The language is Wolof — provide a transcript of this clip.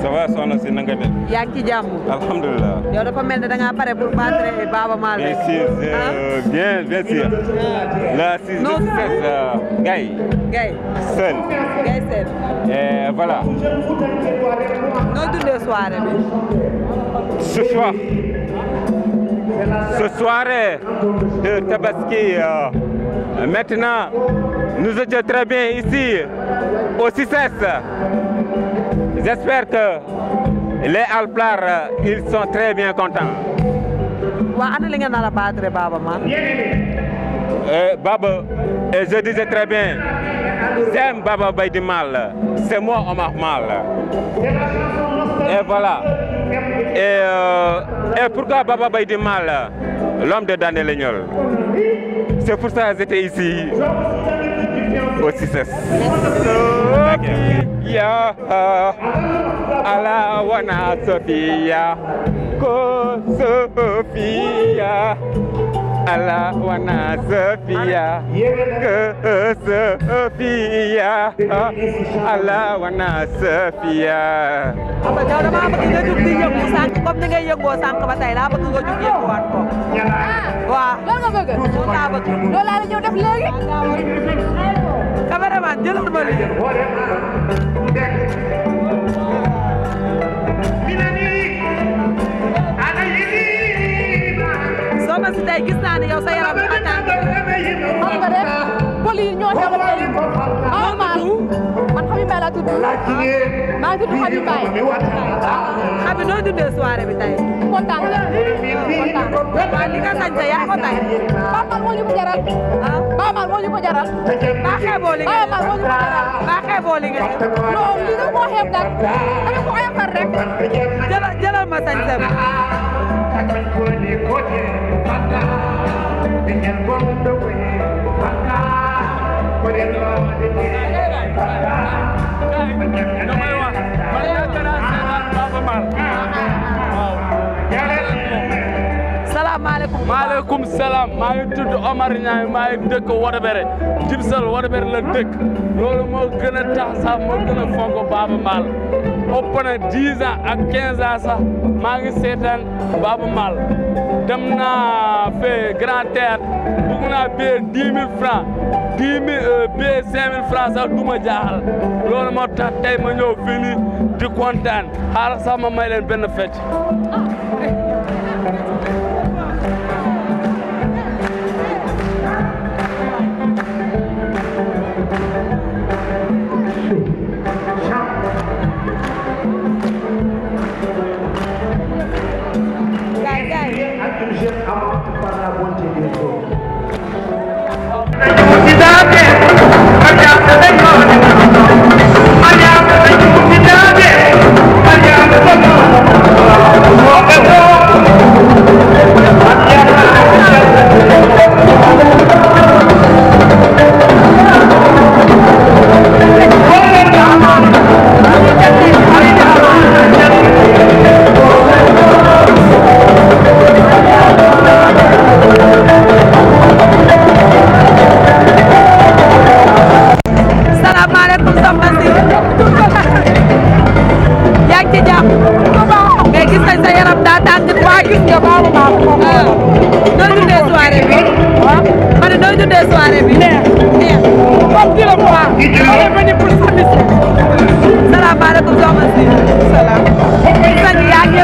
ça va soxna si na nga def. yaa ngi ci jàmm. mel ne da pare pour battre Baaba Maal. bien sûr ah? bien bien sûr. la si je sais euh, Gaye. Gaye. Seul. Gaye Seul. voilà. noo dundee soirée bi. ce soir. ce soirée de Tabaski euh, maintenant nous très bien ici au j'espère que les Alpulaar euh, ils sont très bien contents. waaw ana li nga nar a baatare Baba man. Euh, Baba et je disais très bien c'est Baba Baydy Mal c'est moi Omar Mal et voilà et euh, pourquoi Baba Baydy Mal l'homme de Daniel Lignol c'est pour j'étais ici. what she says. Ya ala wana Sophia, ko Sophia, ala wana Sophia, ko Sophia, ala wana Sophia. Aba jaw dama bëgg nga jug di yëngu sànq comme ni ngay yëngoo sànq ba tey laa bëgg nga jug yënguwaat ko. waaw loolu nga bëgg. loolu laa bëgg. loolu laa la ñëw def léegi. Amath jëlal ma lii soxna si tey gis naa ne yow sa yaram bi xataa xam nga rek poli yi ñoo xewal laa tudd. maa ngi tudd Habib Baye. Habib noo dundee soirée bi tey. kontaan kontaan. waaw li nga sañse yaa ko tey. Bamal moo ñu ko jaral. ah Bamal moo ñu ko jaral. baa xeeboo li nga Bamal moo ñu ko jaral. baa xeeboo li nga non lii da koo xeeb nag. dañu ko oyofal rek. jëlal ma sañse bi. maaleykum salaam maa ngi tudd Omar Niang maa ngi dëkk Wodobere Jibsal Wodobere la dëkk loolu moo gën a moo gën a fonk Baaba Maal ëpp na 10 ans ak 15 maa ngi seetaan Baaba Maal dem naa fee Grand Théâtre bugg naa payer 10 000 dix mille euh, billet cinq mille francs sax du ma jaaxal loolu moo tax tey ma ñëw di kontaan xaaral sax ma may leen benn fecc ah. asalaamaaleykum soxna si yaa ngi ci jàmm mais gis nañ sa yaram daa tàng waa gis nga baaxu baaxu ah. noo dundee soirée bi ah. ma ne noo dundee soirée bi neex neex comme dina ko wax ma venu pour service salaamaaleykum soxna si salaam